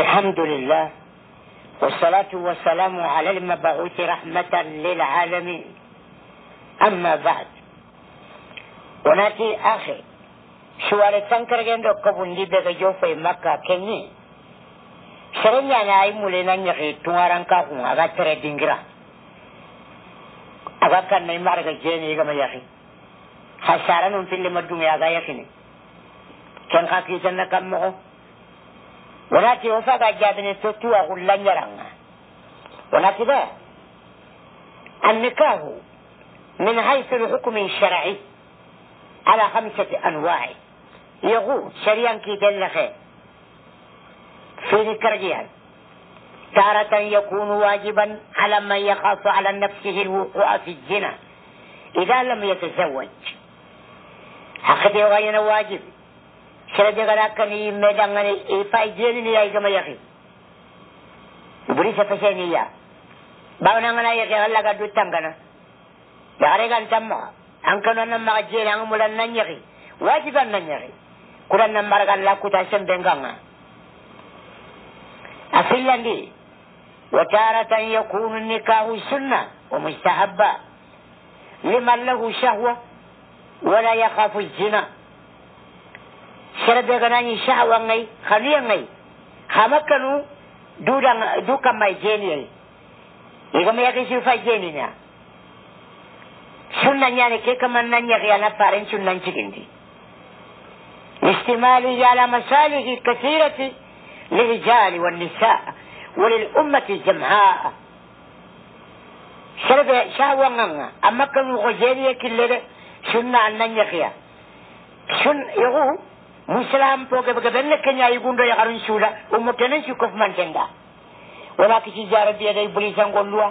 الحمد لله والصلاة والسلام على المبعوث رحمة للعالمين أما بعد ونأتي آخر شوالي تنكرجن دو كبوندي بيغ جوفي مكة كيني سرنيا ناي مولينا نغي توارن كاكو أغا تري دينجرا أغا كان نيمار جيني يغم يخي خسارة في اللي مدوم أغا يخيني كان خاكي جنة كم وناتي وفاق أجابني توتو غلا يرانا وناتي ده النكاه من حيث الحكم الشرعي على خمسة أنواع يغو شريان كي دلخي في ذكر تارة يكون واجبا على من يخاف على نفسه الوقوع في الزنا إذا لم يتزوج أخذ غير واجب sere jegana kani me dangani e fay jeni ay gama yaki buri sa faseni ya bawna ngana yake alla ga du tangana yare gan tamma an kano nan ma jeni an mulan nan yaki wajiban nan yaki kuran nan margan la kuta sen benganga afillandi وتارة يكون النكاح سنة ومستحبة لمن له شهوة ولا يخاف الزنا sere daga ni sha'awa ngai khaliya ngai hamakanu duda duka mai jeni iga me yake shifa jeni na sunna nyane ke kaman nan ya yana farin sunnan cikin di istimali ala masalih kathirati للرجال والنساء وللأمة جمعاء شرب شهوة نغا أما كم غجيرية كلها سنة أن ننجخيا سن يغو مسلم بوجب جبنا كنيا يقول ده يقارن شولا ومتنين شوكف من جندا ولا كشي جار بيا ده يبليزان قلوا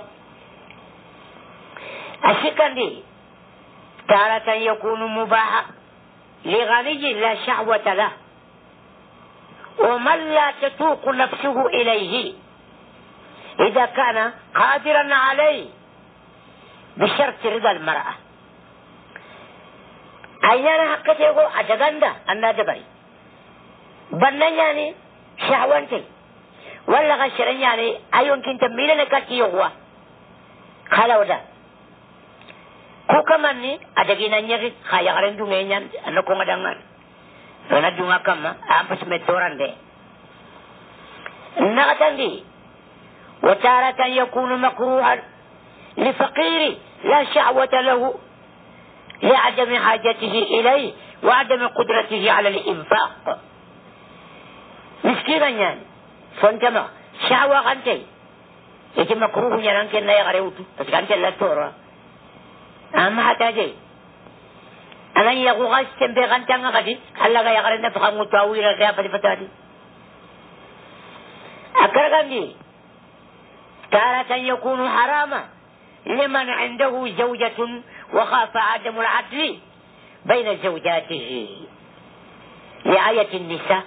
أشكان دي تارة يكون مباح لغني لا شعوة له ومن لا تتوق نفسه إليه إذا كان قادرا عليه بشرط رضا المرأة an yana haka ce ko a jaganda an na jabari bannan ya ne shawanta walla ga shirin ya ne ayyukin ta ne na kaki yawuwa kala wada ko kamar ne a dagi nan ya ha ya garin dunga yin yan a na kuma dangan zana dunga kan ma a an fashe mai tsoron da na katan da wata ratan ya kunu makuruhar lifakiri la sha'wata lahu لعدم حاجته إليه وعدم قدرته على الإنفاق مسكينا يعني فانتما شعوا غنتي يجي مكروه يعني لا يغريو بس غنتي لا تورا أما حتى جي أنا يغو غاش تنبي أنا غادي هلا غا يغرينا فخمو تاويرا غيابة فتاتي أكرغني تارة يكون حراما لمن عنده زوجة وخاف عدم العدل بين زوجاته لآية النساء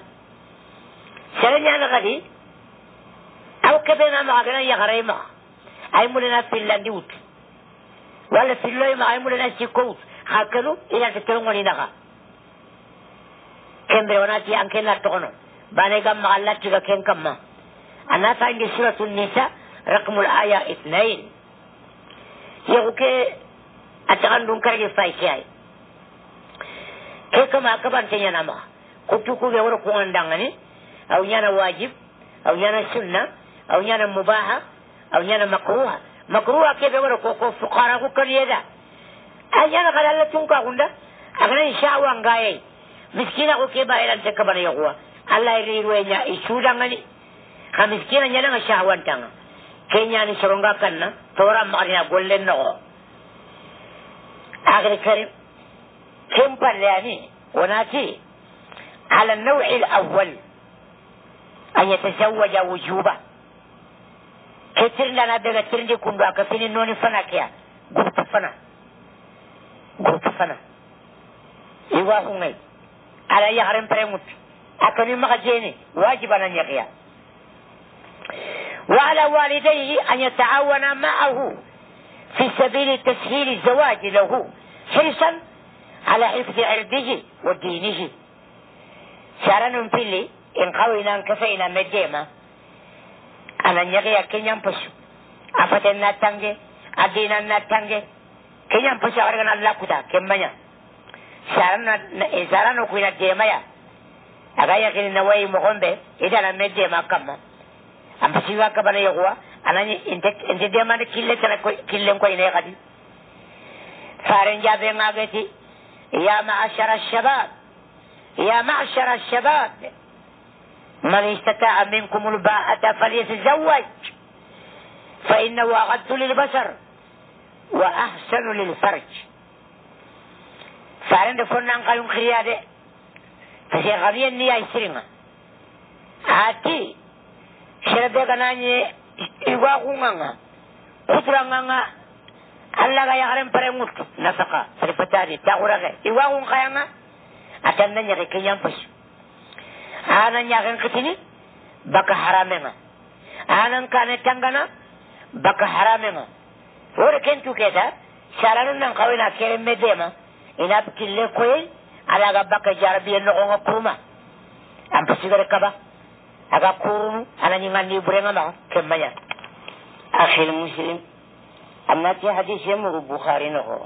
سألني أنا غادي أو كبيرنا مع غيرنا يغري أي مولانا في اللانيوت ولا في اللوي مع أي مولانا كوت هكذا إلى تكون ونغا كم أنا أنكين لا تغنو باني قام مع الله تيغا كم كما أنا عندي سورة النساء رقم الآية اثنين يقول attakandu nkarage fakiyaye ke kama akabante ñanama ko tukuɓe wona ko andangani aw yana wajib aw yana sunna aw yana mubaha aw ñana makruha makruha keɓe wona da fukara ko da a yana kada allah tunkakunda aganani shawa ngayey miskina ko ta kabar ya kuwa allah isu i ne ka miskina ñananga shawantanga ke ñani soronga kanna towaran magarina gollen noxo أغريكل كمبرلاني وناتي على النوع الأول أن يتزوج وجوبا كتير لنا بيغا كن كندو أكفيني نوني فنا كيا قلت فنا قلت فنا يواهو إيوه مي على يغرم بريموت أكني مغجيني واجبا أن يقيا وعلى والديه أن يتعاون معه في سبيل تسهيل الزواج له حرصا على حفظ عرضه ودينه سارنون بيلي إن قوينا كفينا مديما أنا نيغي كينيان بشو أفتن ناتانجي أدينا ناتانجي كينيان بشو أرغن الله كتا كمانيا sarano kuina demaya aga yakini na wayi mogombe idana me dema kamma ambasiwa kabana yaguwa anani inte inte demande kille tala ko kille ko ine kadi faren jabe magati ya ma'ashara ash-shabab ya ma'ashara ash-shabab من استطاع منكم الباءة فليتزوج فإنه أغض للبشر وأحسن للفرج فعلن دفن عن قيوم خريادة فشي غبيا نيا يسرنا هاتي شربي غناني iwaakumanga kuturanganga allaga yagaren parengutu nafaka saripatani tagurage iwaakun kayanga atanna ñage keñampasu ana ñagen kitini baka haramenga anan kane tangana baka haramenga wore kentu keta saranu nan kawena keren medema ina kille koye alaga baka jarabiye nogonga kuruma ampasigare kaba aga kurun ana nyimandi burenga la kemanya akhil muslim amma ti hadis oh. ya mu bukhari no ho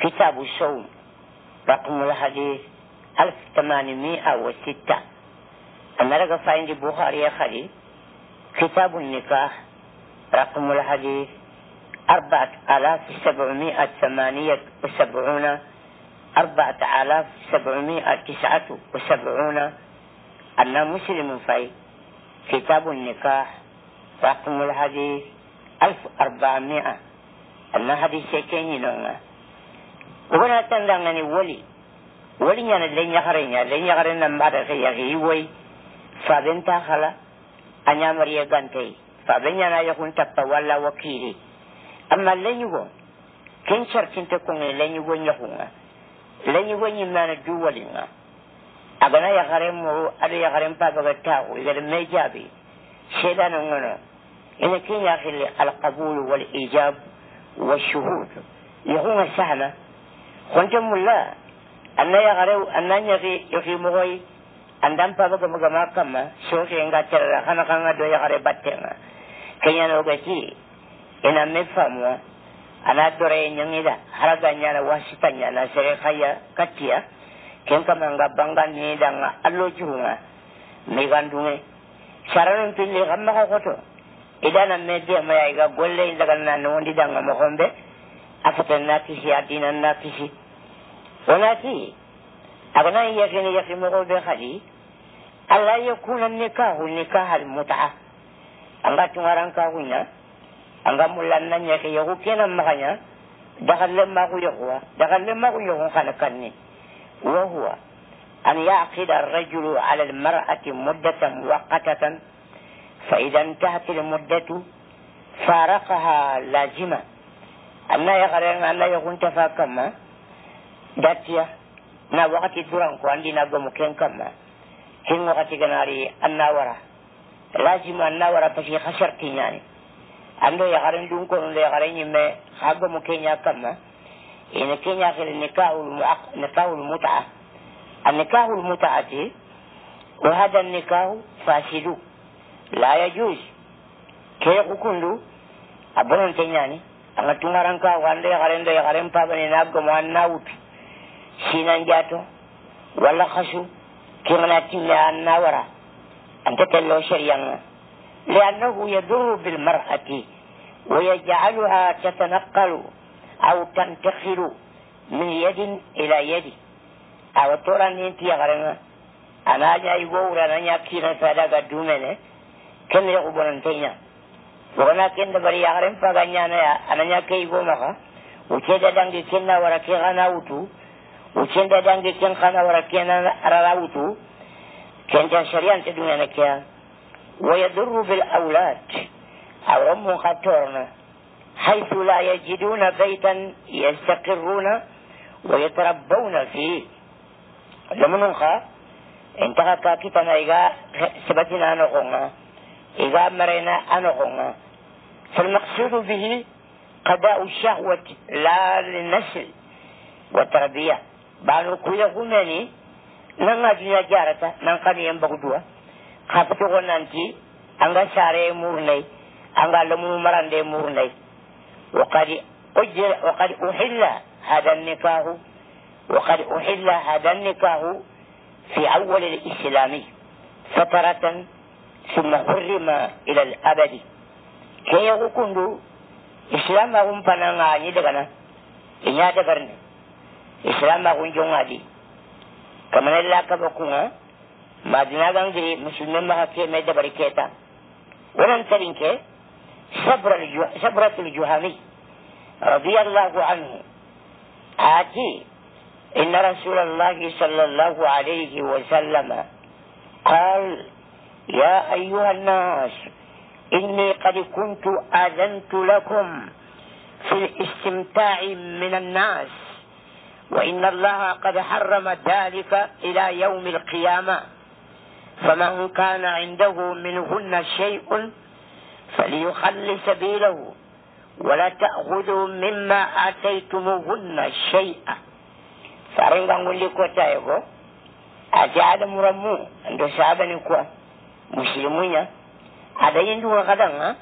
kitabu sawm رقم الحديث 1806 أنا لك فاين البخاري يا خليل كتاب النكاح رقم الحديث أربعة آلاف سبعمائة ثمانية وسبعون أربعة آلاف سبعمائة تسعة وسبعون أما مسلم في كتاب النكاح رقم الحديث ألف أربعمائة أما حديث شكين نونا وبنا تندعني ولي ولي يعني لن يخرين لن يخرين نمبر يغي وي فابن تاخلا أن يامر يغانتي فابن يانا يعني يكون تبا ولا وكيلي أما لن يغون كن شرطين تكون لن يغون يغون لن يغون يمانا دولنا أقول يا خريم مو أدي يا خريم بقى بتاعه إذا ما إجابي شيلا نعمله إذا كان يا أخي القبول والإجاب والشهود يهون سهلة خنت ملا أن يا خريم أن يجي يجي مغوي أن دم بقى بقى ما كم شو كي إنك ترى خنا خنا دو يا خريم بتاعنا كي أنا أقولي إن مفهومه أنا دوري نعمله هذا نعمله واسطة نعمله سرخة كتير ken kame nga banga nedanga allo cuhunga migandunge saranin pilli kamma ko koto idana me demaya iga golle indagana nowondidanga mogonɓe afatan na kisi adinan na kisi wonati agana yakini yaki mogoɓe kadi alla yakuna nikahu nikahal mutaa anga tungaran kahuña anga mullanna ñeke yaku kenan maxaña daxalle maxu yaxuwa daxalle maxu yaxun xana kanni وهو أن يعقد الرجل على المرأة مدة مؤقتة فإذا انتهت المدة فارقها لازمة أن يغرين أن يكون تفاكما داتيا na wakati duran ko andi na gomu ken kamma hin wakati ganari annawara lazima annawara pashi khashar tinyani ando ya garan dun ko ndo ya garan yimme ha gomu kenya kamma ينكين في النكاح النكاح المتعة النكاح المتعة وهذا النكاح فاسد لا يجوز كي يكون له أبنان تنياني أما تنغرانكا وانا يغرين دا يغرين بابن ينابق موانا وطي سينان جاتو ولا خشو كي مناتي لأننا ورا أنت تلو شريان لأنه يضر بالمرأة ويجعلها تتنقل أو تنتقل من يد إلى يد أو ترى أن أنت يغرنا أنا جاي بورا أن يكين فلا قدومنا كم يقبل أنتنا وأنا كن بري يغرم فغنيا أنا أنا يكي بومها وكذا دعني كنا وركي غنا وتو وكذا دعني كن خنا وركي أنا أرى وتو كان جان شريان تدومنا كيا ويضر بالأولاد أو أمهم خطورنا حيث لا يجدون بيتا يستقرون ويتربون فيه لمنخا انتقى كاكتنا إيقا سبتنا نقونا إيقا مرينا نقونا فالمقصود به قضاء الشهوة لا للنسل والتربية بانو كوية غناني نانا دنيا جارتا نغا ينبغ دوا خافتو غنانتي أنغا شاري مورني أنغا لمنو مران دي مورني وقد أجل وقد أحل هذا النكاح وقد أحل هذا النكاح في أول الإسلام فترة ثم حرم إلى الأبد كي يكون إسلام هم فنانا يدغنا إن دغرني إسلام هم جنغادي كما نلا كبكونا ما دينا غير مسلمين ما كي ميدبركيتا ولن ترينك صبر الجو... صبرة الجهامي رضي الله عنه آتي إن رسول الله صلى الله عليه وسلم قال يا أيها الناس إني قد كنت آذنت لكم في الاستمتاع من الناس وإن الله قد حرم ذلك إلى يوم القيامة فمن كان عنده منهن شيء فليخل سبيله ولا تأخذوا مما آتيتموهن شيئا sarenga ngulli kotaye ko ate ada muramu ndo sabani kwa muslimunya ada yindu wa kadanga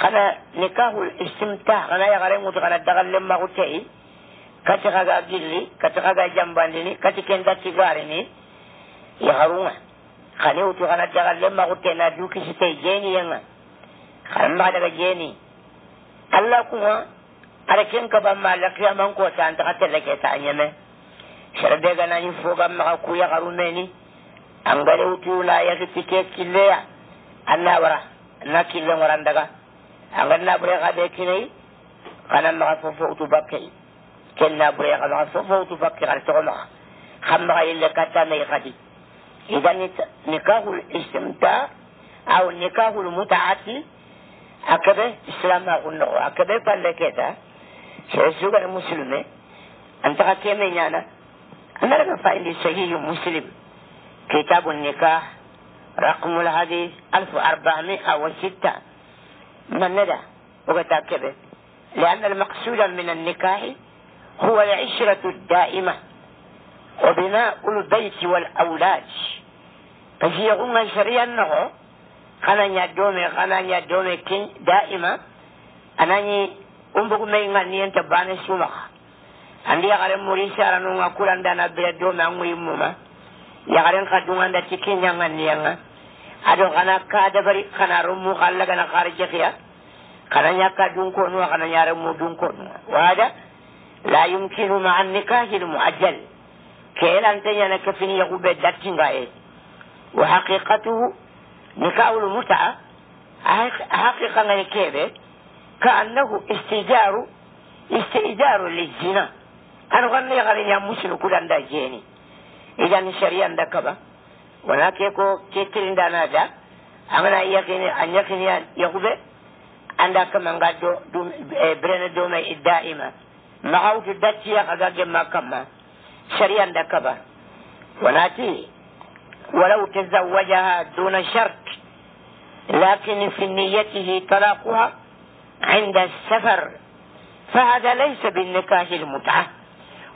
kana nikahul istimta kana ya gare mutu kana dagal lemma kutai kati kaga gilli kati kaga jambandini kati kenda tigari ni ya harunga kana utu kana dagal lemma kutai na duki sitai jeni yanga kana daga jeni alla kuga ada ken kabamma alla kiyaman kota antaxa tella keta a ñeme serebe ganani fogan maxa kuyaxarumeni angale wutuna yaxi pite killeya anna wara na kille ngoran daga angal na bure xaɓe kinei xana maxa fofo utu bakkei ken na bure xa maxa fofo utu bakke xar toxo maxa xam maxa yelle kattamei xadi idan nikaxul istimta aw nikaxul mutaati هكذا إسلام أقول له هكذا قال لك هذا شيخ المسلمة أنت كمين أنا أنا لك فايل صحيح مسلم كتاب النكاح رقم الحديث 1406 من ندى وقتا كبه لأن المقصود من النكاح هو العشرة الدائمة وبناء البيت والأولاد فهي أمة شريعة kananya dome kananya dome kin daima anani umbugu mai ngani enta bane suma andi ya garen muri shara no ngakula ndana bire dome angui muma ya garen kadunga nda tikin yangan yanga ado kana ka da bari kana rumu kalla kana kharje khiya kana nya ka dun ko no kana nya rumu dun ko wada la yumkinu ma'an nikahi al mu'ajjal kelan tanya na kafini ya gube datinga e wa haqiqatuhu nikaawul mutaa xaqiqa nga ne keeɓe ka annahu istijaru istijaru lizina xano xan na yaxari ñaa musinu kudanda jeeni idan sharia nda kaba wana ke ko ke tirindana da angana yakini an yakini an yakube anda kama nga do dum e brene do me daima ma hawti datti ya kaga gemma kama sharia nda kaba wana ti ولو تزوجها دون شرط لكن في نيته طلاقها عند السفر فهذا ليس بالنكاح المتعة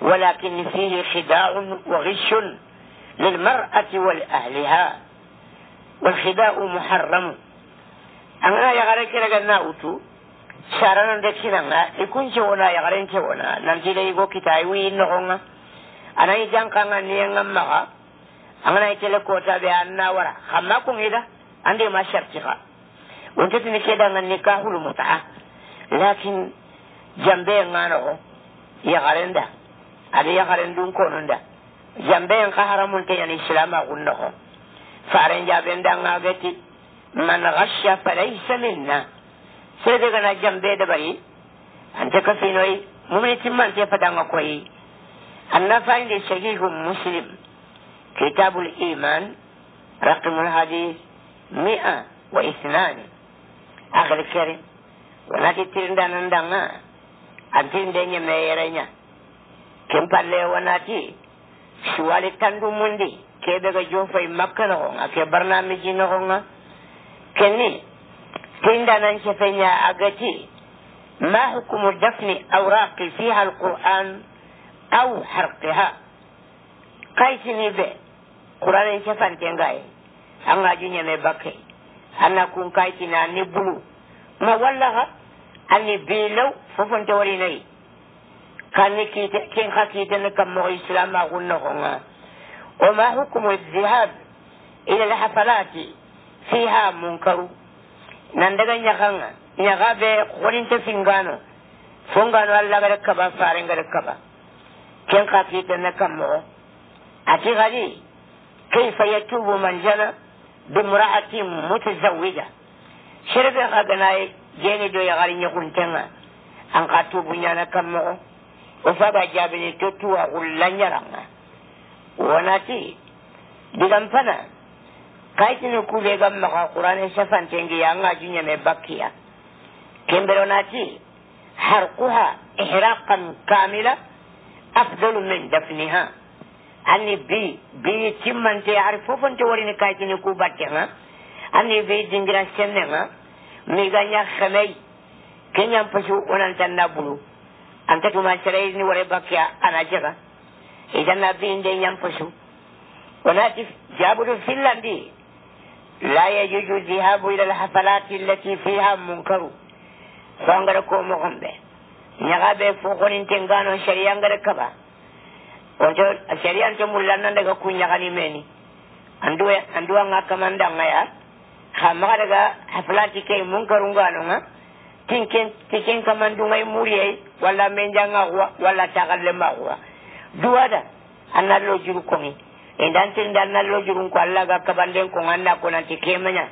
ولكن فيه خداع وغش للمرأة والأهلها والخداع محرم أنا يغرك لغنا أوتو شارنا ما يكون شونا يغرين شونا نمجي ليغو كتايوين نغونا أنا يجان كان نيان مغا angana kele kota be anna wara khamma kun ida ande ma sharti kha wonte tini keda ngan nikahul muta'a lakin jambe ngana o ya garenda ade ya garendun konunda jambe nka haramun ke yani islama gunno ko faren jabe ndanga geti man ghashya falaysa minna sai daga na jambe da bari an ta kafi noi mu'minin man ta fadanga koyi annafa inda shahihun muslim كتاب الإيمان رقم الحديث مئة واثنان أخي الكريم ونأتي ترندا ندانا أنتين دنيا ميرينا كم بالله ونأتي سوالي تندو مندي كيبه جوفا مكة نغونا كبرنامجي نغونا كني ترندا ننشفنا أغتي ما حكم دفن أوراق فيها القرآن أو حرقها قيسني به kurane cafante ngaye a ngaju ñeme bakke ana kun kaytina ni bulu ma wallaha ani bilow fofonte warinayi kani kite ken xa kiitene kam moxo islam axun noxonga oma hukmu dihab ila lhafalati fiha munkaru nandaga ñaxanga ñaxa ɓe xoninte fingano fongano allaga rek kaɓa farenga rek kaɓa ken xa kiitene kam moxo ati xadi كيف يتوب من جنى بامرأة متزوجة شرب غناي جيني دو يغاري يقول تنا أن قاتوب نانا كمو وفابا جابني تتوى غلا نرمى وناتي digan fana kaitini kube gan maka qur'ani shafan tengi ya nga junya me bakkiya kembero nati harquha ihraqan kamila afdalu min dafniha anni bi bi timmante ari fofonte warini kaytini ku batte ha anni bi dingira senne ha mi ga nya xamay kenyam pasu onan tan nabulu anta tuma sere ni wore bakya ana jaga idan nabi inde nyam pasu وناتف جابر فنلندي لا يجوز الذهاب إلى الحفلات التي فيها منكر فانغركو مغمبه نغابه فوقون انتنغانو شريانغر كبا onco sharia nto mullannan daga kunyagani meni anduwa nga kamandanga ya ha maga daga haflati kei munkarunganonga tinken tiken kamandungai muriyai wala menjangaxuwa walla taxallemaxuwa duwada anna lo juru kongi indantinde anna lo jurun ko allah ga kabanden kon anna konanti kemaña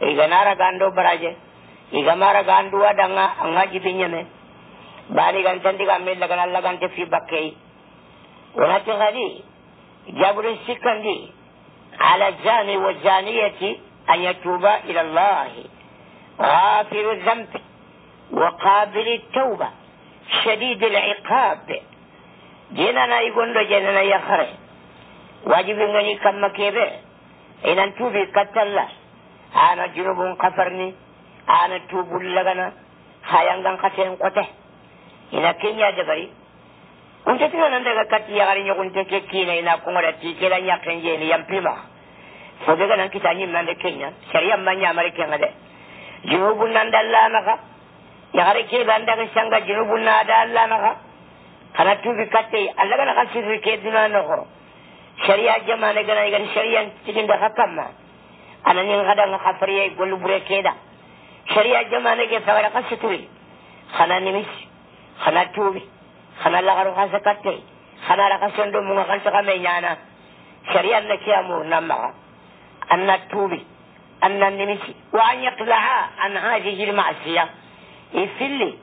iganara gando baraje igamara gando danga anga jibiñame bani gantandiga me lagana allah gante fi bakkeyi وهكذا جبر سكندي على الزاني والزانية أن يتوبا إلى الله غافر الذنب وقابل التوبة شديد العقاب جنانا يقول له جنانا يخرج واجب غني كم كيبه إن أنتوبي كتلا أنا جنوب كفرني أنا توب لغنا خيان غن قتين قته إن كينيا دبري unte tino nan daga kati ya gari nyokun teke kina ina kongoda tikela nyaken jeli ya mpima fobe ga nan kita nyim nan de kenya sharia manya mare kenga de junubun nan dalla maka ya gari ke ban daga shanga junubun na dalla maka kana tubi katte Allah kana kasir ke dina no ko sharia jamane gana ga sharia tikin da hakamma anan yin gadan khafriye golu bure keda sharia jamane ke sawara kasituri kana nimis kana tubi خنا غرو خاص كاتي خنا لا خاص ندو مو خاص كامي نانا شريعة نكيا أن توبي أن النمسي وأن يقلعها عن هذه المعصية يفلي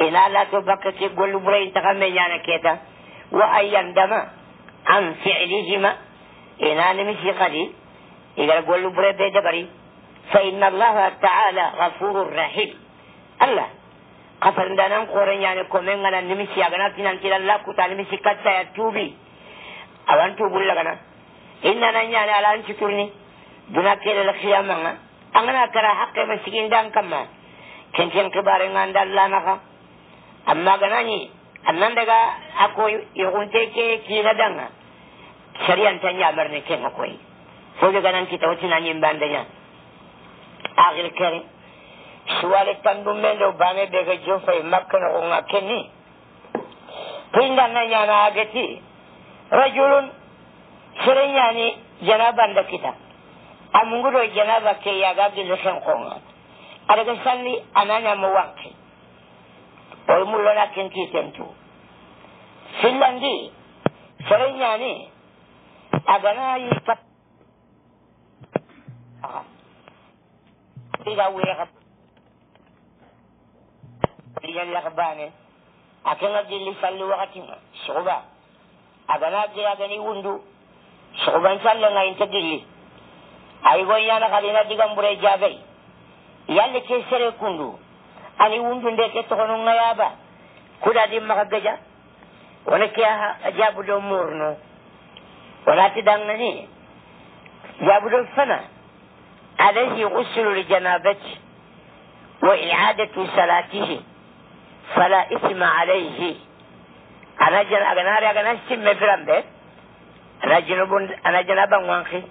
إلا لا تبكك قول برين تغمي نانا كيتا وأن يندم عن فعلهما إلا نمسي قدي إذا قول برين بيدبري فإن الله تعالى غفور رحيم الله nan koren yani komen gana nimisi agana ku ta nimisi katta ya tubi awan la gana inna nan ne alan ci turni duna kele la khiyama an angana kara hakke masikin dan kamma kencen kibare nga na ka amma gana ni annan daga ako yogunte ke kila danga shari'an tan ya marne ken akoyi so daga nan kita wacin anyin bandanya akhir kare suwale pandu mendo bane dega jufa imakana unga keni pinda na nyana agati rajulun sire nyani jana banda kita amunguro jana bake ya gagi lusen konga adaka sandi anana muwake oi mulona kinti tentu sindandi sire nyani agana yipa Ah. Tiga wira pa. yalla bane akenga jilli salli wakati ma shuba agana jira gani wundu shuban salli nga inta jilli ay go yana kadina digam bure jagai yalla ke sere kundu ani wundu de ke to hono nga yaba kuda di maka gaja wala ke ajabu do murno wala ti dangani jabu do fana alayhi ghuslu li janabati wa i'adatu salatihi فلا اسم عليه أنا جن أنا رأي أنا سمع فرام ده أنا جنوب أنا جن جنابا وانخي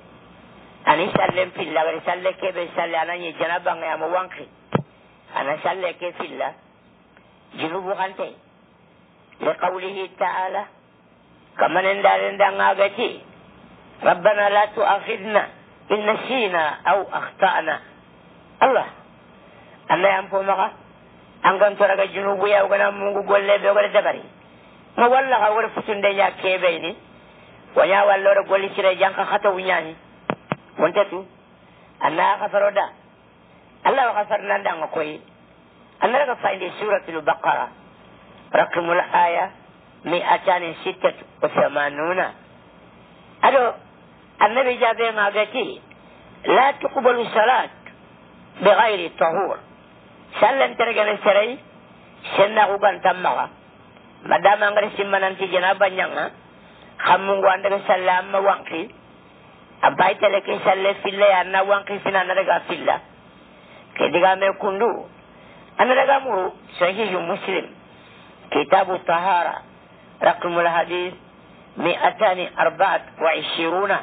أنا سلم في الله ورسالة كيف سلة أنا جنابا يا موانخي أنا سلة كيف في الله جنوب غنتي لقوله تعالى كما نندار ندان ربنا لا تؤاخذنا إن نسينا أو أخطأنا الله أنا ينفو مغا an angan toraga junubu na mun mungu golle be da dabari mo walla ha de ya ke be ni wanya ro golli sire janka khata wunyani won tatu anna khasaro da allah wa khasar nan da yi anna ga fainde suratul baqara rakmul aya mi atani sitat wa samanuna ado annabi jabe ma gati la tuqbalu salat bighairi tahur sallantergene uban sennaxugantanmaxa madama ngara simmananti janaba ñanga xammungu andaga salla anma wanqi a baytale ke salle filla ya na wanqi fina ana daga filla ke digame kundu ana daga sahihu muslim kitabu tahara raqmul hadis mi'atani arba'at wa ishiruna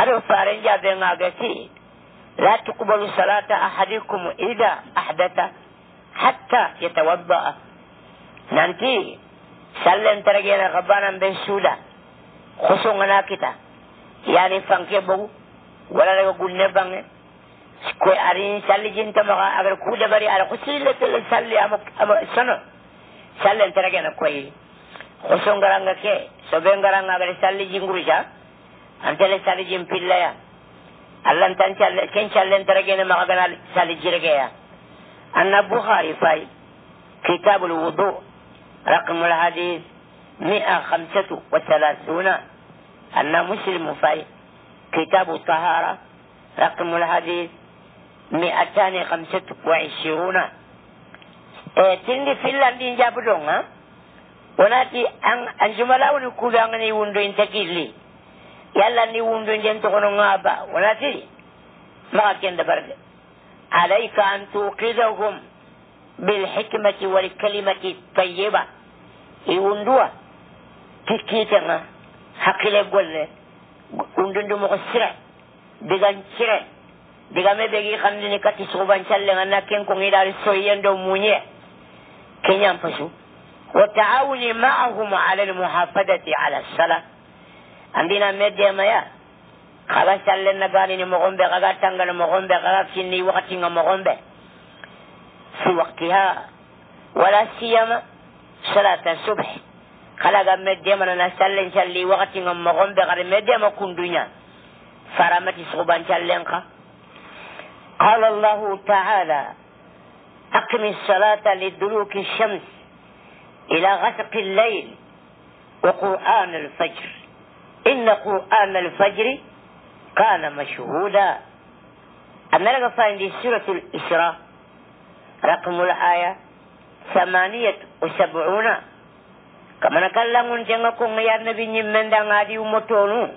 aɗo faren jaɓe ngagati لا تقبل صلاة أحدكم إذا أحدث حتى يتوضأ nanti sallen kabanan ben suda khusungana kita yani fanke bogu wala daga gunne bange ko ari salli jinta agar kuda ala khusille salli ama sono sallen koyi khusungaranga ke sobengaranga agar salli jingruja antele salli jimpilla ya allantan ken callenteregene maxagana sali jiregeya anna bukhari fay كتاب الوضوء رقم الحديث مئة خمسة وثلاثون أن مسلم في كتاب الطهارة رقم الحديث مئتان خمسة وعشرون تندي في اللندين جابدون وناتي أن جملاء الكوبان يوندو انتكيلي yalla ni wundu jen to kono ngaba wanati ma kenda barde alayka an tuqidahum bil hikmati wal kalimati tayyiba i wundua tikkitanga hakkile golle wundundu moko sire digan sire digame begi xandini kati sugubancalenga na ken kongiɗari soyyendo muñe keñan pasu wa taawuni maahum ala almuhafadati ala salah andina medde maya kaga sallen na gani ni mogombe kaga tangana mogombe kaga kinni wakati nga mogombe fi waqtiha wala siyama salata subh kala ga medde mana na sallen challi wakati nga mogombe kaga medde ma kundunya faramati suban challen ka قال الله تعالى أقم الصلاة لدلوك الشمس إلى غسق الليل وقرآن الفجر إن قرآن الفجر كان مشهودا أنا لقى فاين سورة الإسراء رقم الآية ثمانية وسبعون كما قال لهم جنكم يا نبي من دان هذه ومتونو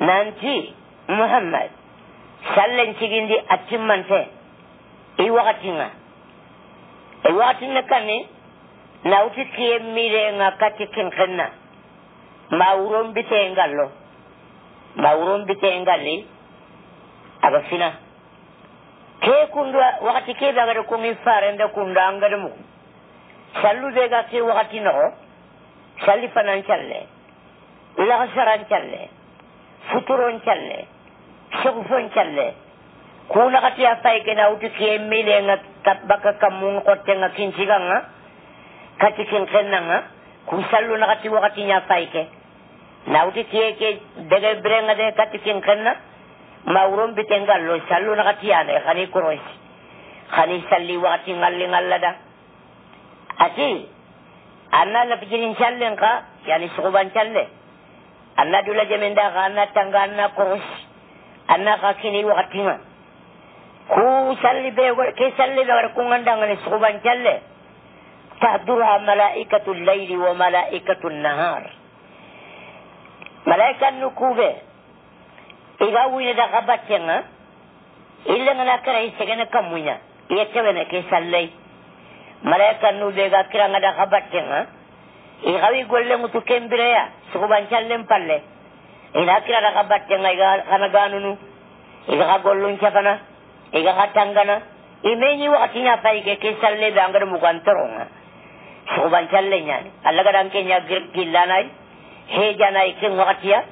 نانتي محمد sallen cigindi attimmante i wakatinga i wakatinna kani nawti kiye mirenga kati kenkenna ma wurombite ngal lo ma wurombite ngal ni aga fina ke kundu wakati ke be agada kungi farende kundu angada mu sallu be ga ke wakati no salli fanan challe ila saran challe futuron challe shugfon challe kuna kati ya fai kena uti ke mile nga tabaka kamun kotte nga kinchiga nga kati kinkenna nga kusallu na kati wakati nya fai ke nawti tiye ke daga brenga de kati ken kanna mawrum bitengal lo sallu na katiyane khani kuroy khani salli waqti ngalli ngallada ati anna na pijirin challen ka yani suguban challe anna dula jemenda ka anna tanga anna kurosh anna ka kini waqti ma ku salli be ke salli da war kunganda ngani suguban challe tahdura malaikatu al-layli wa malaikatu an-nahar malaikan nukube iga wina da gabatin ha illa ngana kara isegana kamunya iya cewena ke sallai malaikan nube ga kira ngada gabatin ha iga wi golle mutu kembireya sukuban challen palle ina kira da gabatin ha iga kana ganunu iga ga gollun chafana iga ga tangana imenyi wakati nya pai ke ke salle be angar mukantoronga sukuban challen yani allaga dan kenya gilanai hejanayi ken wakatiya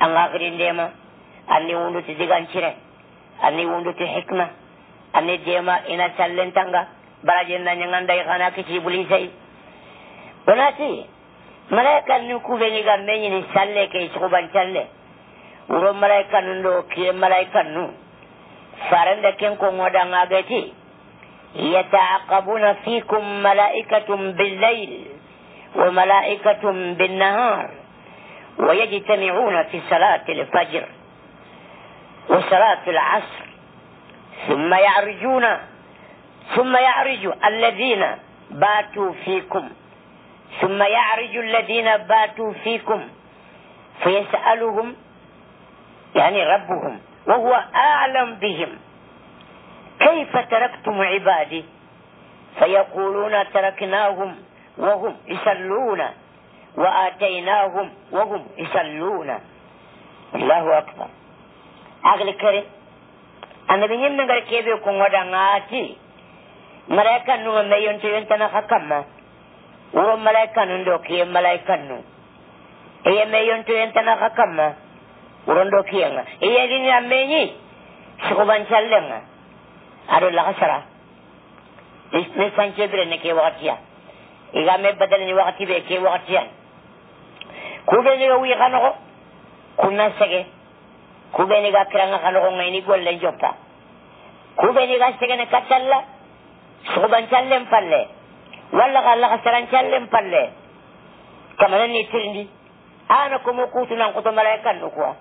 anga firi ndema anni wunduti digancire anni wunduti hikma anni dema ina callentanga barajen na ñagandayi xana kiti bulisayi wonati malaika ni kubeni ga meñini salle ke suguban calle wuro malaika nu do kiye malaika nu faranda ken ko ngodanga geti yataaqabuna fikum malaikatum billayl وملائكة بالنهار ويجتمعون في صلاة الفجر وصلاة العصر ثم يعرجون ثم يعرج الذين باتوا فيكم ثم يعرج الذين باتوا فيكم فيسألهم يعني ربهم وهو أعلم بهم كيف تركتم عبادي فيقولون تركناهم وهم يصلون وآتيناهم وهم يصلون الله أكبر أغلى كريم أنا بهم من غير كيف يكون ودعاتي ملاك نو ما ينتهي أنت نخكم ورم ملاك نو دوكي ملاك نو هي ما ينتهي أنت نخكم ورم دوكي أنا هي دين أمي سكوبان شلنا أرو الله سرا إسمه سانجبرنا كي وقتيا إذا ما بدلني وقتي بكي وقتيا kuɓeniga wiixa noxo kunnan sege kuɓeniga kiranga xa noxo ngayni gollen joppa kuɓeniga segene kattalla suxubancallen palle walla xa laxa sarancallen palle kamananni tirndi ana komo kutunan xuto malaye kannu kuwa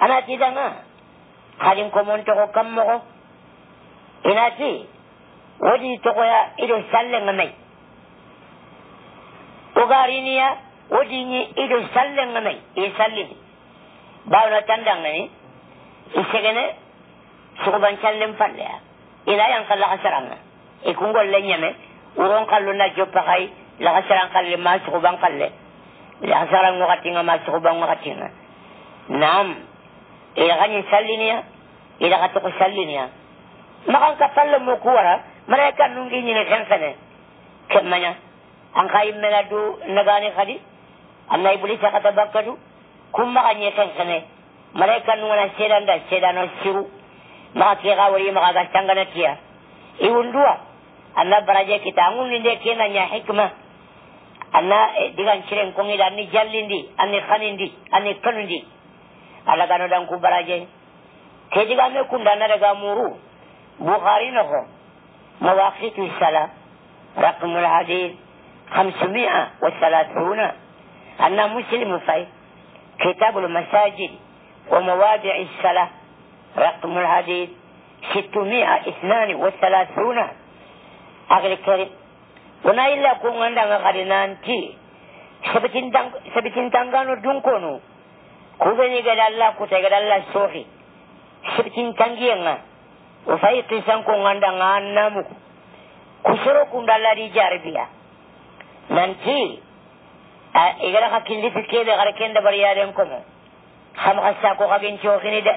ana tidanga xadin komon toxo kam moxo inati wodi toxoya ido sallenga may ogariniya wotinyi ido sallenga mai i sallini bawno tandangani i segene suguban callen falleya ina yanka laxa saranga i kungolle ñame wuron kalluna joppaxay laxa saran kalle ma suguban kalle laxa saran waxatinga ma suguban waxatinga naam ilaxañi salliniya ilaxa toxo salliniya maxan ka palle mo ku wara manaye kannungi ñini xen fene kemmaña an xa yimmena du nagani xadi amma iblis akatabakkalu kun maganye kansane malaika nungana sedanda sedano siru maga kega wari maga gastangana tiya iwundua anna baraje kita anguninde kena nya hikma anna digan ciren kongida anni jallindi anni khanindi anni kanundi ala gano dan ku baraje ke diga me kundana daga muru bukhari noho mawaqitu sala رقم الحديث خمسمائة وثلاثون أن مسلم في كتاب المساجد ومواضع الصلاة رقم الحديث 632 أغلى كريم ونا إلا كون عندنا قرنان تي سبتين دان سبتين تانغانو دونكونو كوبني قال الله كوتا قال الله سوفي سبتين تانجينا وفاي تيسان كون عندنا نامو كسرو كون دالا دي جاربيا نانتي igara ka kindi fikke da garken da bar yaren kuma ham hasa ko ka bin ciwo de.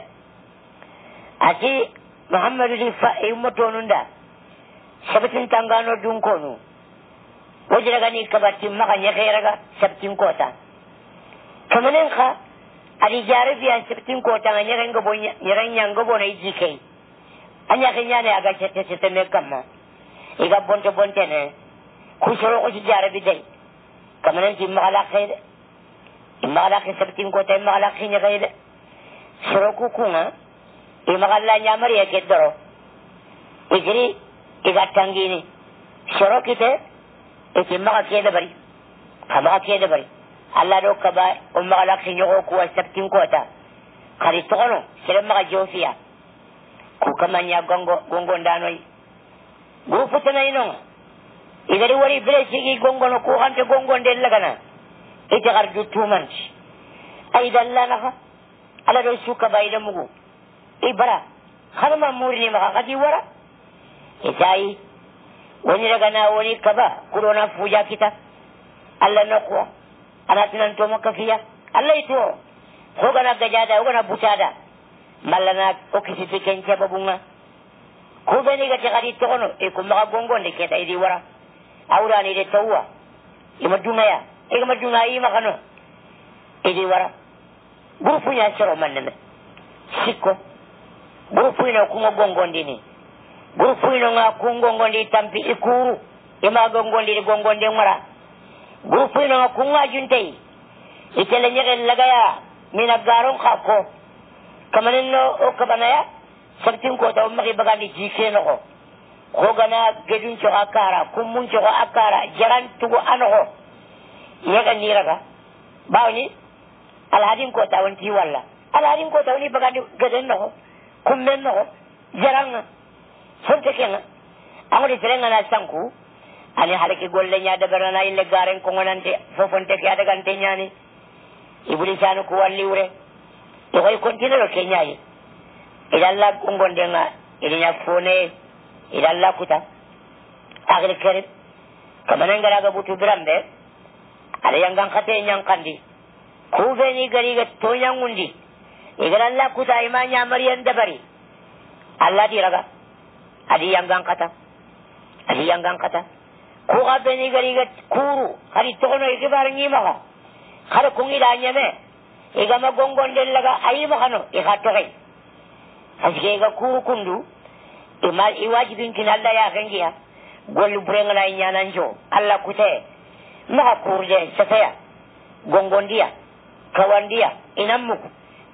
ati muhammadu di fa e moto nun da sabatin tangano dun ko nu wajira gani kabatin maka ya kai raga sabatin kota kamanin ka ari jare biyan sabatin kota ga nyaran gabo nyaran yang gabo na iji kai anya kan yana aga cete cete me kamma iga bonte bonte ne ku shoro ku jare كمنين جمع على خير إما على خير سبتين كوتا إما على خير غير سروكو كونا إما غلا نعمر يكدرو إجري إذا تنجيني سروكي تي إما غلا كيدا بري كما كيدا بري الله لو كبا أما غلا خير نغوكو سبتين كوتا خريط تغنو سلم غا جوفيا كوكما نيا غنغو غنغو دانوي غوفتنا ينونغ igadi wari bire sigi gongono ko hante gongonde lagana ite gar juttumanti ayda lanaha ala do suka bayda mugu ibara harma murini maka kadi wara itai woni na woni kaba kurona fuja kita alla nokko ala tinan to maka fiya alla ito hogana gajada hogana butada mallana okisiti kence babunga kubeni gati kadi tokono e kumbaka gongonde keta idi wara aura ni de tawwa ya dunaya igama dunaya ima kano idi wara gurupu nya sero manneme sikko gurupu ina gongon gongondi ne gurupu ina kun gongon gondi tampi ikuru ima gongondi de gongondi mara gurupu ina nga kunga ita itele nyege lagaya mina garon kako kamar nan o ya sabtin ko ke baka ni jike na ko hogana gedun coxo a kara kummun coxo a kara jarantugu ga ni raga ba ni. alhadin ko wanti walla alhadin ko tawni bagandi jiran sun kummen kenan an fonte jiran na san sanku ani halake golle ñadabarana ile garen kogonante fofonte ni. ibuli ñani iblisanu ku walliwre ikoy continue ro ke ñayi na idan ya fone idan lakuta agri kerim kamana ngaraga butu birambe ada yang gang kate kandi kuu ni gari ga to yang undi igara lakuta imanya mariyan dabari allah di raga adi yang gang kata adi yang kata ku ga be ni gari ga hari to no igibar ni ma har kungi da nyame igama gongon laga ayi ma kano iga to gai asge iga kuru kundu ima iwajibin kin Allah ya gangiya gollu burenga na nyana jo Allah kute maha kurje safaya gongondiya kawandiya inan muku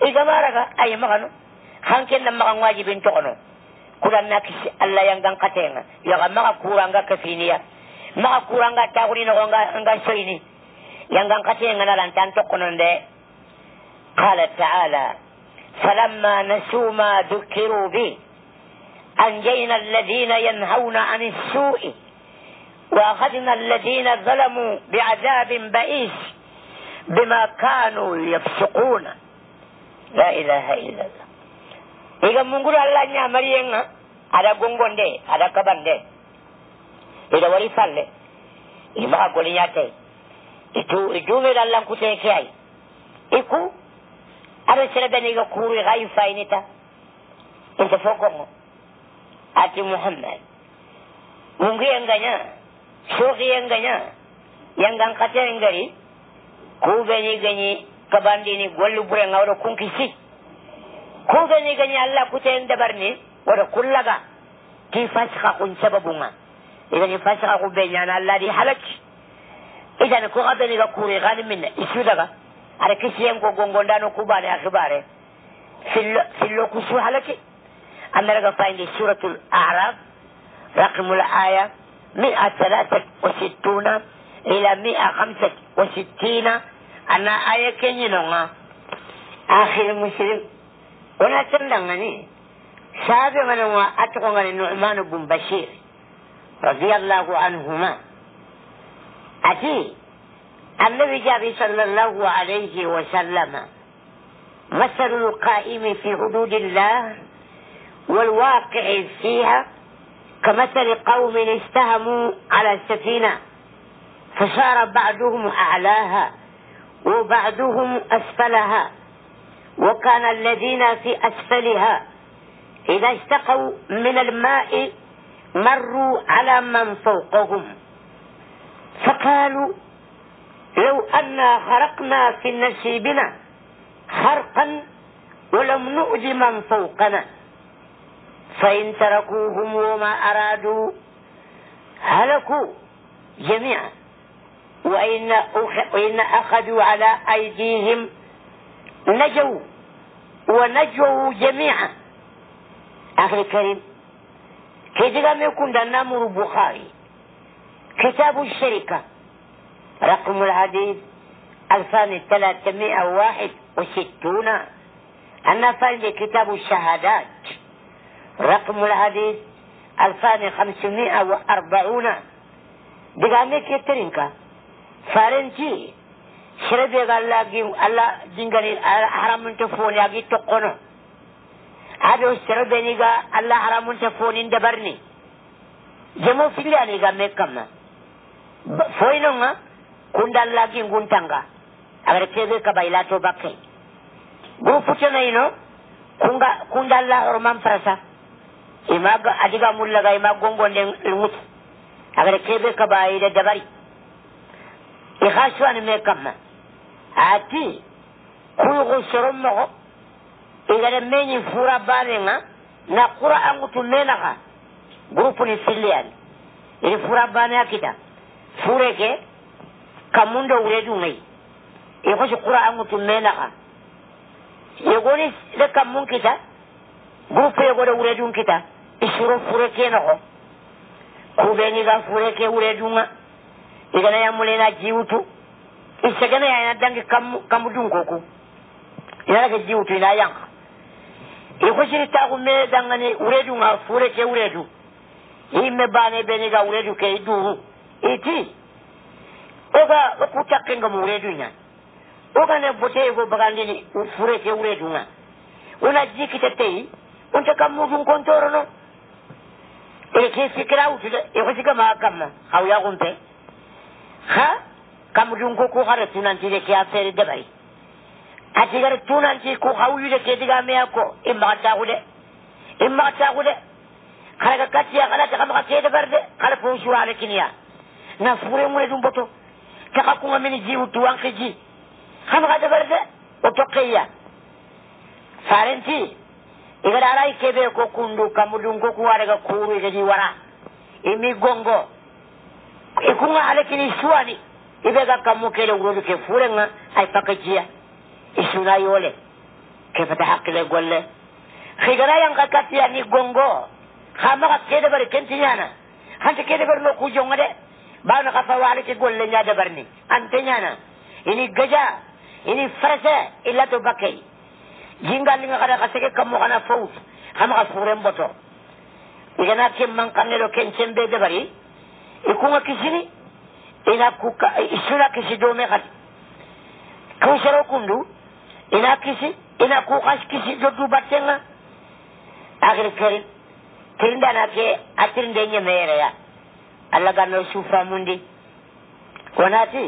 igamara ga ayi maka no hanken nan maka wajibin to no kudan na kisi Allah yang gan katenga ya ga maka kuranga kafiniya maka kuranga taguri no nga nga shoyini yang gan katenga na lantan to kono de qala ta'ala falamma nasu ma dhukiru bi أنجينا الذين ينهون عن السوء وأخذنا الذين ظلموا بعذاب بئيس بما كانوا يفسقون لا إله إلا الله إذا مونغول الله نيا مريم على غونغون دي على كبان دي إذا وري فال إما قولي ياتي إتو إجومي لالان كتين كياي إكو أرسل بني غكوري غاي فاينتا إنت فوقهم hati Muhammad. Mungkin enggaknya, suki enggaknya, yang gang kata yang gari, ku gani gani kebandi ni gollu pura ngawro kungkisi. Ku gani gani Allah ku cain dabar ni, wadah kullaga, ti fasqa kun sababunga. Ida ni fasqa ku benyan Allah di halak. Ida ni ku gada ni kuri gani minna, isu daga. Ada kisi yang ku gonggondano kubane akibare. Fillo kusuh halakit. أما فاين دي سورة الأعراف رقم الآية 163 إلى 165 أنا آية كنينونا آخر مسلم ولا تندغني سابقا وأتقن النعمان بن بشير رضي الله عنهما أتي النبي جابي صلى الله عليه وسلم مثل القائم في حدود الله والواقع فيها كمثل قوم استهموا على السفينة فصار بعضهم أعلاها وبعضهم أسفلها وكان الذين في أسفلها إذا اشتقوا من الماء مروا على من فوقهم فقالوا لو أنا خرقنا في نسيبنا خرقا ولم نؤذ من فوقنا فإن تركوهم وما أرادوا هلكوا جميعا وإن, وإن أخذوا على أيديهم نجوا ونجوا جميعا أخي الكريم كيف لم لنا مر البخاري كتاب الشركة رقم الحديث 2361 أن فعل كتاب الشهادات رقم الحديث ألفان خمسمائة وأربعون دقامي كترين كا فارنتي شربي قال الله جين الله جينغني حرام من تفون يا جيت تقنا هذا شربي نيجا الله حرام من تفون إندبرني جمو اللي نيجا مكمل فوينونا كوندال لاجي جين غنتانغا أغير كذا كبايلاتو بكي بو فتنا ينو كوندا كوندا الله حرام فرسا ima adiga mullaga ima gongonde ilmutu agada kebe kabayida dabari ikhaswan me kamma ati kuyugu soron mogo igada meñin fura banenga na qura angutu menaga groupe ni silliyani ini fura bane akita fureke kamundo uredungai ikosi qura angutu menaga yegoni le kamun kita Boul fwe kode urejoun kita. I shuron furekye nako. Kou benni kan furekye urejou nga. I genayam mwle na jiwoutu. I se genayayan dan ki kamudun koko. I nanak ki jiwoutu inayank. I fwesirita kou me zangani urejou nga furekye urejou. I me bane benni kan urejou ke idou. I ti. O ka wakou chakken gomu urejou nyan. O ka ne bote yon kou bagande ni furekye urejou nga. O na ji kitete yi. onte kammutum kontorono e ke sikira wutude ekosika maa kamma hawya kumpe ha kammutum ko kuhara tunantide ke a feere dabari atigara tunanti ko hawyude ke diga meya ko i maxa taxude i maxa taxude xaraga kattiya xalate xa maxa ke dabar de xala fo surale kiniya na fure mune dum boto taxa kunga mini jiwu tuwanki ji xa maxa dabar de o toqeya farenti igara arai kebe ko kundu kamudungo kuwa daga kuru ga jiwara imi gongo ikunga alekini suwani ibega kamukele urodu ke furenga ay pakajiya isuna yole ke fata hakile golle khigara yang katiya ni gongo khama ka kede bari kentinyana hante kede bari lo kujonga de bana ka fawale ke golle nya de barni ante nyana ini gaja ini farase illa to bakai jingan li nge gade gaseke, kam mo gana fawus, ham gase kurem boto, i genate man kane lo ken chenbe de bari, i konga kisi ni, i sula kisi do me gati, kousero kundu, i na kisi, i na koukasi kisi do dupate nga, agri kering, trinda nake, atrinde nye meyre ya, allagan nou sou famundi, konate,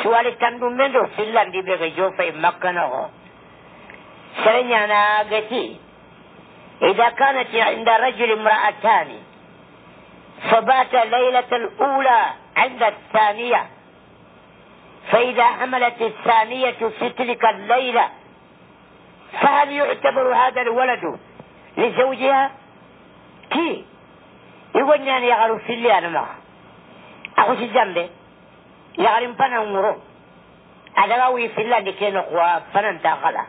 sou alitandou mendo, Finlandi beke, jow fey makkano ho, سيناغتي إذا كانت عند رجل امرأتان فبات ليلة الأولى عند الثانية فإذا حملت الثانية في تلك الليلة فهل يعتبر هذا الولد لزوجها كي يقول أنا يغلو في اللي أنا معه أخش الجنب يغلو أنا أمره أدغوي في الله لكي نقوى فننتقلها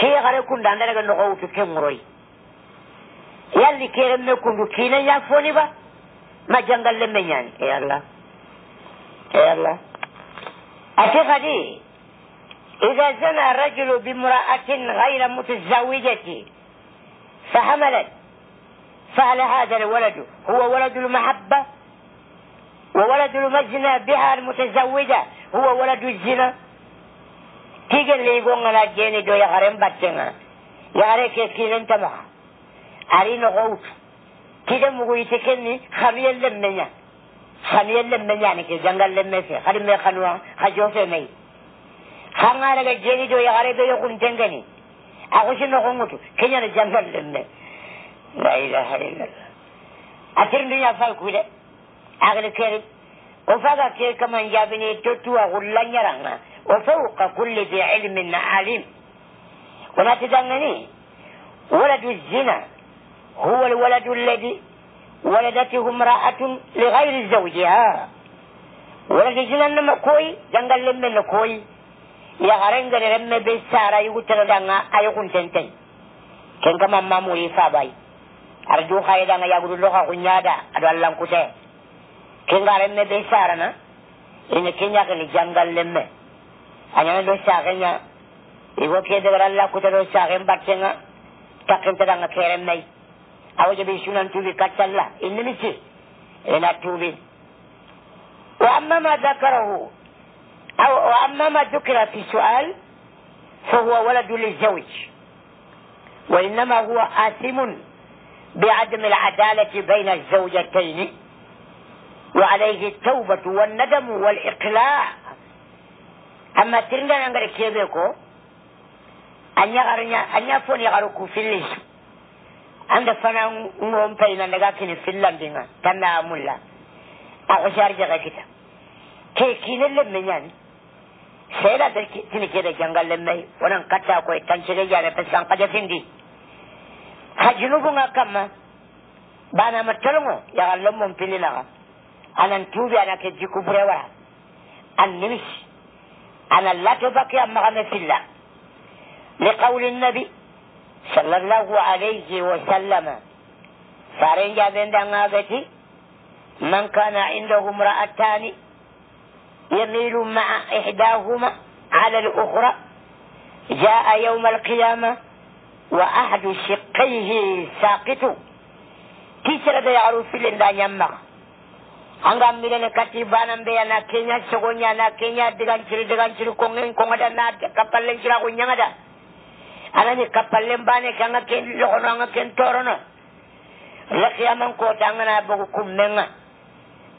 ke gare kun da daga no gautu ke muroi yalli kere me kun du kina ya foni ba ma jangal le me nyani e allah e allah ake gadi إذا زنى الرجل بامرأة غير متزوجة فحملت فهل هذا الولد هو ولد المحبة وولد المزنى بها المتزوجة هو ولد الزنا tigelle igongana jenido yagaren battenga yagare keskilentamaga ari nogowutu kide mugu ite kenni hamiyen lemmenya hamiyen lemmenyani ke jangal lemme fe hadi me kanuwa ha jofe mai hanga daga jenido yagare be yokuntengeni akusi nogongutu kenyana jangal lemme la ilaha illallah atirnduña fay kude agre keri o faga ke kaman jabini tottuwa hullañaranga وفوق كل ذي علم عليم وما تدنني ولد الزنا هو الولد الذي ولدته امرأة لغير زوجها ولد الزنا نما كوي دنقل لمن كوي يغرنغ لما بسارة يغتر دنقا أيقون تنتين كن كما مامو يفابي أرجو خاية دنقا يغرو لغا غنيادا أدو اللان كتين كن غرنغ بسارة إن كن يغني جنقل لمن anana do saxeña igo ke debara la kuta do saxen battenga taqintadanga keren may awo jaɓi sunan tuubi kattalla innimisi ena tuubi wa amma ma dakarahu أو وأما ما ذكر في السؤال فهو ولد للزوج وإنما هو آثم بعدم العدالة بين الزوجتين وعليه التوبة والندم والإقلاع amma tirndanangara keɓe ko kebe ko an ña fon yagaru ku an da fana ngon nan daga kini fillandinga tanna mulla ako sarjaga kita ke kine lemme ñani seela ta tini kede jangal lemmey wonan katta koye ya da pe kaje findi ha junubunga kamma banama tolgo yagal lommon pillinaga anan tuubi ana ke jikku bure wara an nimisi أنا لا تبكي أمغم في الله لقول النبي صلى الله عليه وسلم فارنجا جابين دنغابتي من كان عنده امرأتان يميل مع إحداهما على الأخرى جاء يوم القيامة وأحد شقيه ساقط تسرد يعرف لندان يمغ gam mie kati banambeya na Kenya sigonya na Kenya digan ku ko ada na kapal sinya nga da ni kapallembae ka nga keu nga na si man kota nga na ku nga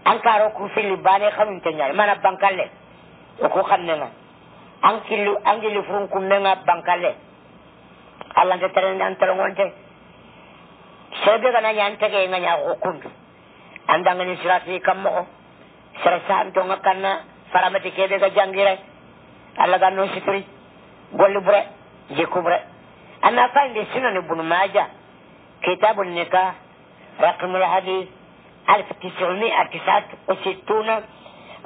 ankara ku fili bae kam tenya e mana bang kalle uko kam nga kilu anli fu ku nga bange a si gan nanya an nganya andangani sirasi kammo sirasan to ngakanna faramati kede ga jangire alla ganno sitri golli bure je kubre anna fayde sunan ibn majah kitabun nikah رقم الهدي 1969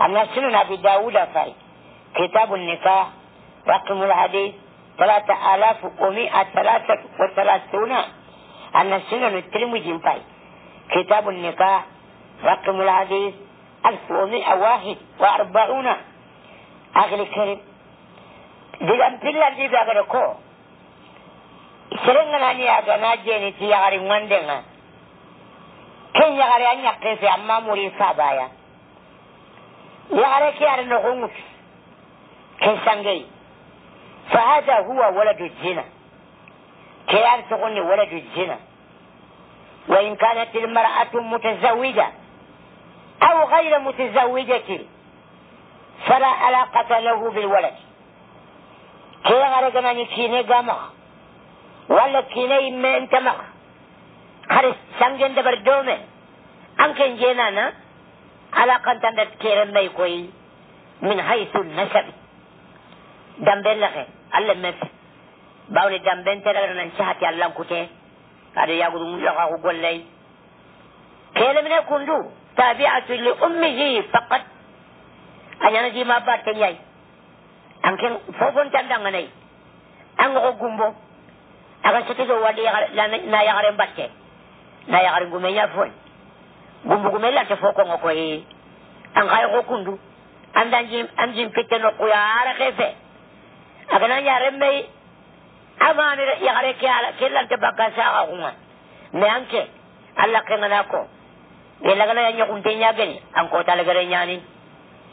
أما سنن أبي داود فاي كتاب النكاح رقم الهدي 3133 أن سنن الترمذي فاي كتاب النكاح رقم العديد ألف ومئة واحد وأربعون أغلى كريم دي أم دي بأغلى كو سرنغن أني جيني تي أغلى مواندنغ كن يغلى أن يقفز أما موري سابايا يغلى كي أرن غموت كن سنجي فهذا هو ولد الزنا كي أرتغني ولد الزنا وإن كانت المرأة متزوجة أو غير متزوجة فلا علاقة له بالولد كي غرق من كيني قاما ولا كيني ما انت مغ خرس سنجن دبر دومن أنكن جينانا علاقة تنبت كيرن ما يكوي من حيث النسب دمبل لخي ألا مف باولي دمبل تلغر ننشهتي ألا كتي هذا يقول لغا قول لي كيلمنا كندو tabi'atu li ummihi faqat anyana ji ma batte nyai anken fofon tandanga nay an ko gumbo aga sotigo wadi na yagare batte na yagare gume nya fon gumbo gume la te foko ngoko yi an kay ko kundu an andan jim an jim pete no ko yara kefe aga na yare mai amani yagare ke ala ke ta te bakasa ga kuma me anke Allah kenga nako yella gala ya ñakunte ñagani an kota lagare ñanin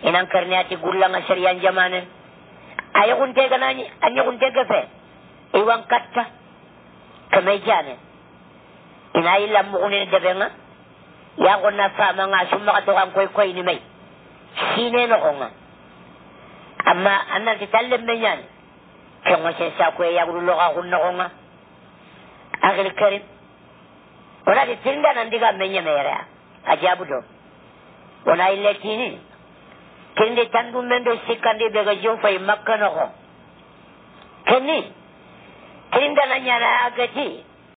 inan karneati gullanga sharia jamane a ni ganani a ñakunte gafe iwan katta kamay jane ina yi lammugunene deɓenga yagonna famanga summaxa toxan koy koyni may sine noxonga amma annanti tallemme ñani kengo sen sakoye yaguru loxa xun noxonga axil karim onati tirndana ndiga meñeme yerea ajabuɗo wona e lettini kende tan ɗum men ɗo sikkandi ɓega jom yi makka noko kenni keni ngana ñana agati